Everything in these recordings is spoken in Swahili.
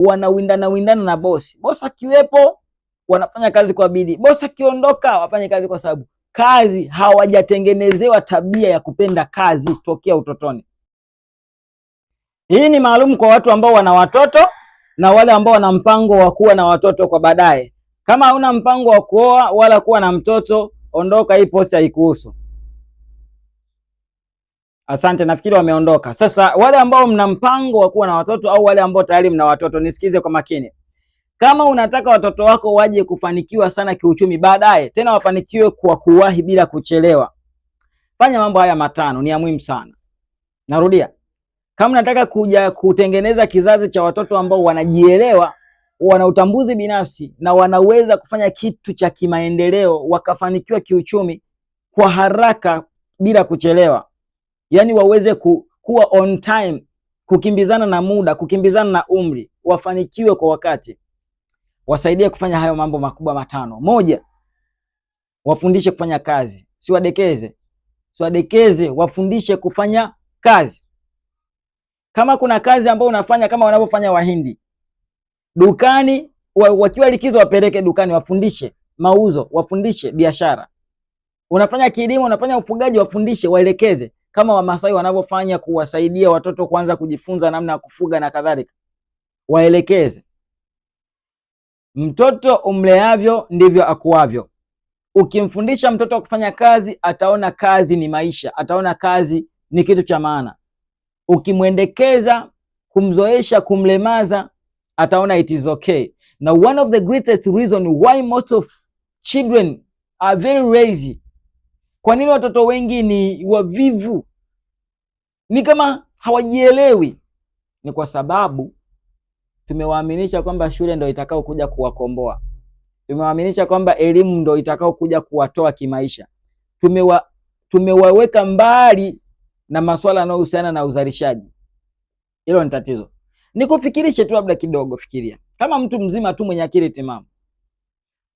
wanawindana windana na bosi. Bosi akiwepo wanafanya kazi kwa bidii, bosi akiondoka wafanye kazi kwa sababu kazi hawajatengenezewa tabia ya kupenda kazi tokea utotoni. Hii ni maalum kwa watu ambao wana watoto na wale ambao wana mpango wa kuwa na watoto kwa baadaye. Kama hauna mpango wa kuoa wala kuwa na mtoto, ondoka, hii posti haikuhusu. Asante, nafikiri wameondoka. Sasa wale ambao mna mpango wa kuwa na watoto au wale ambao tayari mna watoto, nisikize kwa makini. Kama unataka watoto wako waje kufanikiwa sana kiuchumi baadaye, tena wafanikiwe kwa kuwahi bila kuchelewa, fanya mambo haya matano, ni ya muhimu sana. Narudia, kama unataka kuja kutengeneza kizazi cha watoto ambao wanajielewa, wana utambuzi binafsi na wanaweza kufanya kitu cha kimaendeleo, wakafanikiwa kiuchumi kwa haraka bila kuchelewa yani waweze ku, kuwa on time, kukimbizana na muda, kukimbizana na umri, wafanikiwe kwa wakati. Wasaidie kufanya hayo mambo makubwa matano. Moja, wafundishe kufanya kazi, siwadekeze, siwadekeze, wafundishe kufanya kazi. Kama kuna kazi ambayo unafanya kama wanavyofanya Wahindi dukani, wakiwa likizo wapeleke dukani, wafundishe mauzo, wafundishe biashara. Unafanya kilimo, unafanya ufugaji, wafundishe, waelekeze kama Wamasai wanavyofanya kuwasaidia watoto kwanza kujifunza namna ya kufuga na kadhalika, waelekeze mtoto umleavyo ndivyo akuavyo. Ukimfundisha mtoto kufanya kazi, ataona kazi ni maisha, ataona kazi ni kitu cha maana. Ukimwendekeza, kumzoesha, kumlemaza, ataona it is okay. Now one of the greatest reason why most of children are very lazy kwa nini watoto wengi ni wavivu, ni kama hawajielewi? Ni kwa sababu tumewaaminisha kwamba shule ndo itakao kuja kuwakomboa, tumewaaminisha kwamba elimu ndo itakao kuja kuwatoa kimaisha. Tumewa, tumewaweka mbali na masuala yanayohusiana na uzalishaji. Hilo ni tatizo. Nikufikirishe tu labda kidogo, fikiria kama mtu mzima tu mwenye akili timamu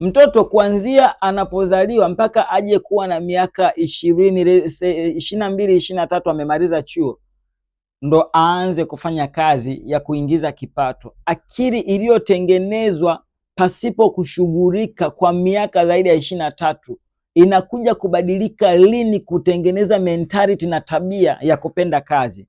Mtoto kuanzia anapozaliwa mpaka aje kuwa na miaka ishirini ishirini na mbili ishirini na tatu amemaliza chuo ndo aanze kufanya kazi ya kuingiza kipato. Akili iliyotengenezwa pasipo kushughulika kwa miaka zaidi ya ishirini na tatu inakuja kubadilika lini kutengeneza mentality na tabia ya kupenda kazi?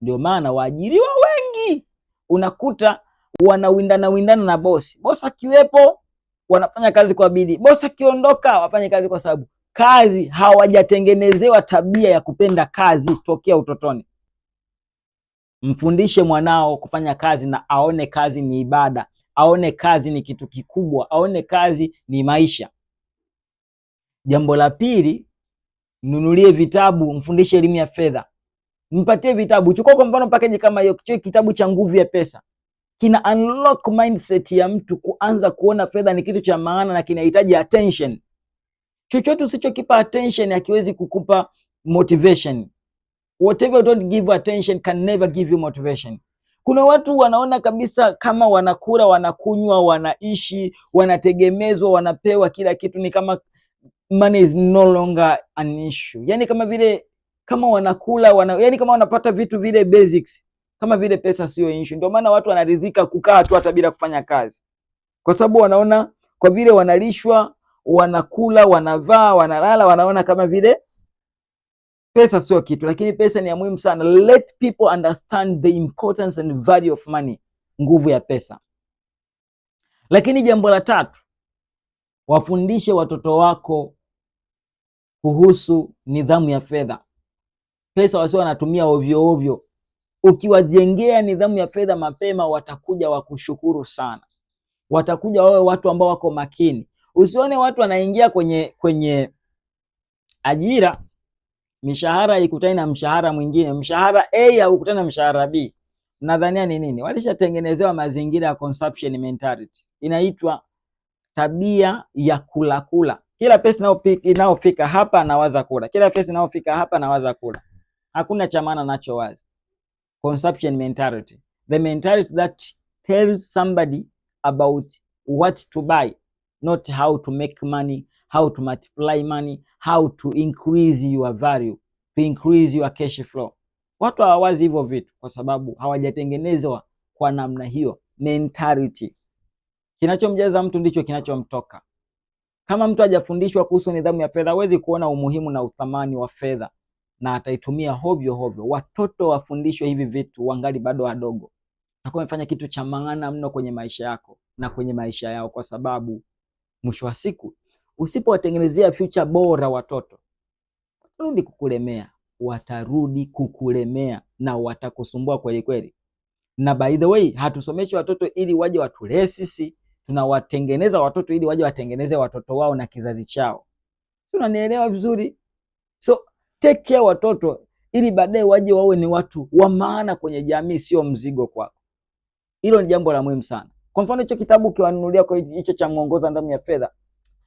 Ndio maana waajiriwa wengi unakuta wanawindana windana na bosi, bosi akiwepo wanafanya kazi kwa bidii. Bosi akiondoka, wafanye kazi kwa sababu kazi hawajatengenezewa tabia ya kupenda kazi tokea utotoni. Mfundishe mwanao kufanya kazi na aone kazi ni ibada, aone kazi ni kitu kikubwa, aone kazi ni maisha. Jambo la pili, nunulie vitabu, mfundishe elimu ya fedha, mpatie vitabu. Chukua kwa mfano pakeji kama hiyo, kitabu cha nguvu ya pesa kina unlock mindset ya mtu kuanza kuona fedha ni kitu cha maana na kinahitaji attention. Chochote usichokipa attention hakiwezi kukupa motivation. Whatever don't give attention can never give you motivation. Kuna watu wanaona kabisa kama wanakula, wanakunywa, wanaishi, wanategemezwa, wanapewa kila kitu, ni kama money is no longer an issue. Yani kama vile kama wanakula wana, yani kama wanapata vitu vile basics kama vile pesa sio issue. Ndio maana watu wanaridhika kukaa tu hata bila kufanya kazi, kwa sababu wanaona kwa vile wanalishwa, wanakula, wanavaa, wanalala, wanaona kama vile pesa sio kitu, lakini pesa ni ya muhimu sana. Let people understand the importance and value of money, nguvu ya pesa. Lakini jambo la tatu, wafundishe watoto wako kuhusu nidhamu ya fedha. Pesa wasio wanatumia ovyo ovyo. Ukiwajengea nidhamu ya fedha mapema, watakuja wakushukuru sana, watakuja wawe watu ambao wako makini. Usione watu wanaingia kwenye kwenye ajira, mishahara ikutane na mshahara mwingine, mshahara A haukutane na mshahara B. Nadhania ni nini? Walishatengenezewa mazingira ya consumption mentality, inaitwa tabia ya kula kula. Kila pesa inayofika hapa nawaza kula, kila pesa inayofika hapa nawaza kula, hakuna cha maana nacho wazi consumption mentality, the mentality that tells somebody about what to buy, not how to make money, how to multiply money, how to increase your value, to increase your cash flow. Watu hawawazi hivyo vitu kwa sababu hawajatengenezwa kwa namna hiyo mentality. Kinachomjaza mtu ndicho kinachomtoka. Kama mtu hajafundishwa kuhusu nidhamu ya fedha, hawezi kuona umuhimu na uthamani wa fedha na ataitumia hovyo hovyo. Watoto wafundishwe hivi vitu wangali bado wadogo. Takuwa amefanya kitu cha maana mno kwenye maisha yako na kwenye maisha yao, kwa sababu mwisho wa siku usipowatengenezea future bora watoto watarudi kukulemea, watarudi kukulemea na watakusumbua kweli kweli. Na by the way, hatusomeshi watoto ili waje watulee sisi, tunawatengeneza watoto ili waje watengeneze watoto wao na kizazi chao. Unanielewa vizuri? So take care watoto ili baadaye waje wawe ni watu wa maana kwenye jamii, sio mzigo kwako. Hilo ni jambo la muhimu sana. Kwa mfano hicho kitabu ukiwanunulia kwa hicho cha mwongoza nidhamu ya fedha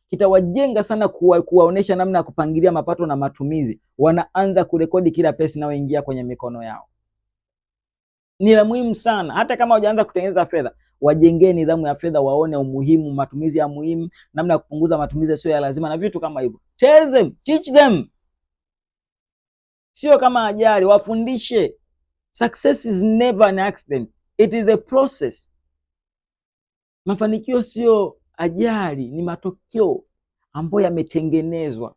kitawajenga sana kuwa, kuwaonesha namna ya kupangilia mapato na matumizi. Wanaanza kurekodi kila pesa inayoingia kwenye mikono yao. Ni la muhimu sana, hata kama hujaanza kutengeneza fedha, wajengee nidhamu ya fedha, waone umuhimu, matumizi ya muhimu, namna ya kupunguza matumizi sio ya lazima na vitu kama hivyo. Tell them, teach them sio kama ajali, wafundishe. Success is never an accident, it is a process. Mafanikio sio ajali, ni matokeo ambayo yametengenezwa.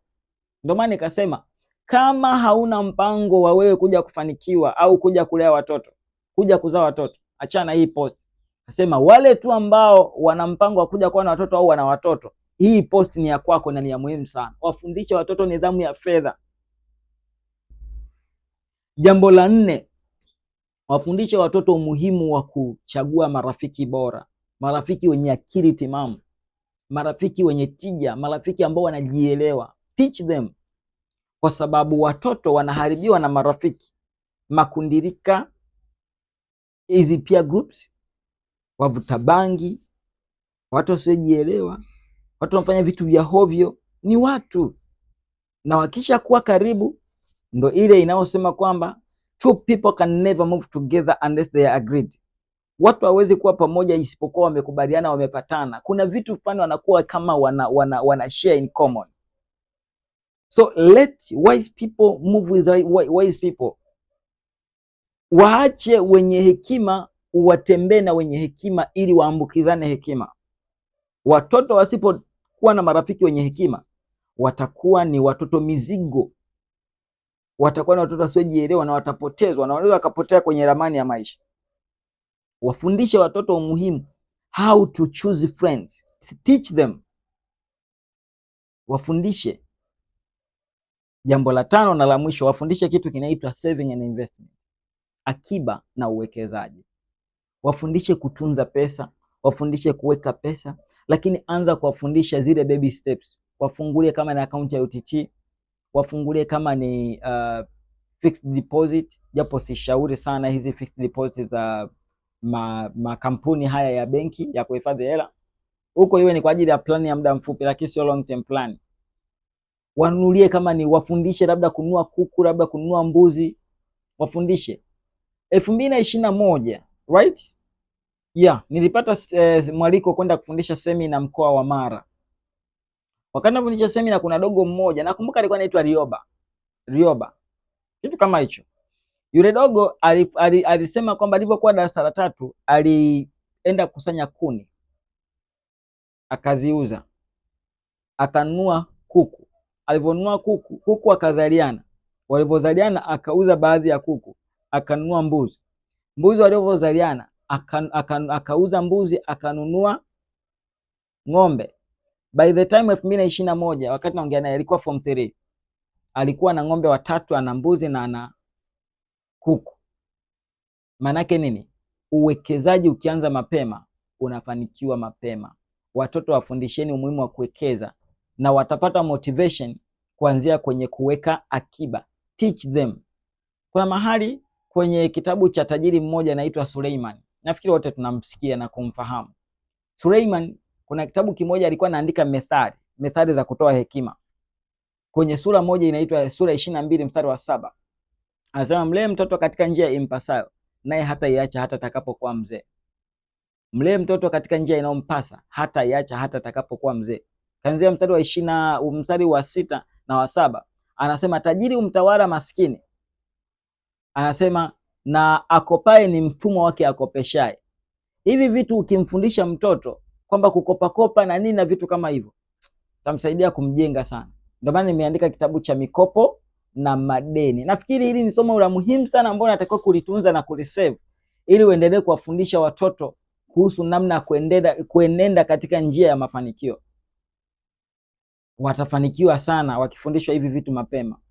Ndio maana nikasema kama hauna mpango wa wewe kuja kufanikiwa au kuja kulea watoto, kuja kuzaa watoto, achana hii post. Nasema wale tu ambao wana mpango wa kuja kuwa na watoto au wana watoto, hii post ni ya kwako na ni ya muhimu sana. Wafundishe watoto nidhamu ya fedha. Jambo la nne, wafundishe watoto umuhimu wa kuchagua marafiki bora, marafiki wenye akili timamu, marafiki wenye tija, marafiki ambao wanajielewa. Teach them, kwa sababu watoto wanaharibiwa na marafiki, makundirika, hizi peer groups, wavuta bangi, watu wasiojielewa, watu wanafanya vitu vya hovyo. Ni watu, na wakisha kuwa karibu ndo ile inayosema kwamba two people can never move together unless they are agreed. Watu hawezi kuwa pamoja isipokuwa wamekubaliana, wamepatana. Kuna vitu fulani wanakuwa kama wana, wana, wana share in common. So let wise people move with wise people. Waache wenye hekima watembee na wenye hekima ili waambukizane hekima. Watoto wasipokuwa na marafiki wenye hekima watakuwa ni watoto mizigo watakuwa na watoto wasiojielewa na watapotezwa na wanaweza wakapotea kwenye ramani ya maisha. Wafundishe watoto umuhimu how to choose friends, teach them, wafundishe. Jambo la tano na la mwisho, wafundishe kitu kinaitwa saving and investment, akiba na uwekezaji. Wafundishe kutunza pesa, wafundishe kuweka pesa, lakini anza kuwafundisha zile baby steps. Wafungulie kama na akaunti ya UTT wafungulie kama ni uh, fixed deposit, japo sishauri sana hizi fixed deposit za makampuni ma haya ya benki ya kuhifadhi hela huko, iwe ni kwa ajili ya plani ya muda mfupi, lakini sio long term plan. Wanunulie kama ni wafundishe, labda kununua kuku, labda kununua mbuzi, wafundishe. elfu mbili na ishirini na moja right? Yeah, nilipata eh, mwaliko kwenda kufundisha semina mkoa wa Mara Wakati nafundisha semina kuna dogo mmoja nakumbuka alikuwa anaitwa Rioba. Rioba. Kitu kama hicho. Yule dogo alisema ali, ali kwamba alivyokuwa darasa la tatu alienda kusanya kuni akaziuza akanunua kuku. Alivyonunua kuku, kuku akazaliana. Walivyozaliana akauza baadhi ya kuku, akanunua mbuzi. Mbuzi walivyozaliana akauza aka, aka mbuzi akanunua ng'ombe. By the time 2021 wakati naongea naye alikuwa form 3. Alikuwa na ng'ombe watatu, ana mbuzi na ana kuku. Maanake nini? Uwekezaji ukianza mapema unafanikiwa mapema. Watoto wafundisheni umuhimu wa kuwekeza na watapata motivation kuanzia kwenye kuweka akiba. Teach them. Kuna mahali kwenye kitabu cha tajiri mmoja anaitwa Suleiman. Nafikiri wote tunamsikia na kumfahamu. Suleiman kuna kitabu kimoja alikuwa anaandika methali, methali za kutoa hekima. Kwenye sura moja inaitwa sura ishirini na mbili mstari wa saba anasema mlee mtoto katika njia impasayo, naye hata iacha hata atakapokuwa mzee. Mlee mtoto katika njia inayompasa, hata iacha hata atakapokuwa mzee. Kanzia mstari wa ishina, mstari wa sita na wa saba anasema tajiri umtawala maskini, anasema na akopaye ni mtumwa wake akopeshaye. Hivi vitu ukimfundisha mtoto kwamba kukopakopa na nini na vitu kama hivyo tamsaidia kumjenga sana. Ndio maana nimeandika kitabu cha mikopo na madeni. Nafikiri hili ni somo la muhimu sana ambalo natakiwa kulitunza na kulisave ili uendelee kuwafundisha watoto kuhusu namna ya kuenenda katika njia ya mafanikio. Watafanikiwa sana wakifundishwa hivi vitu mapema.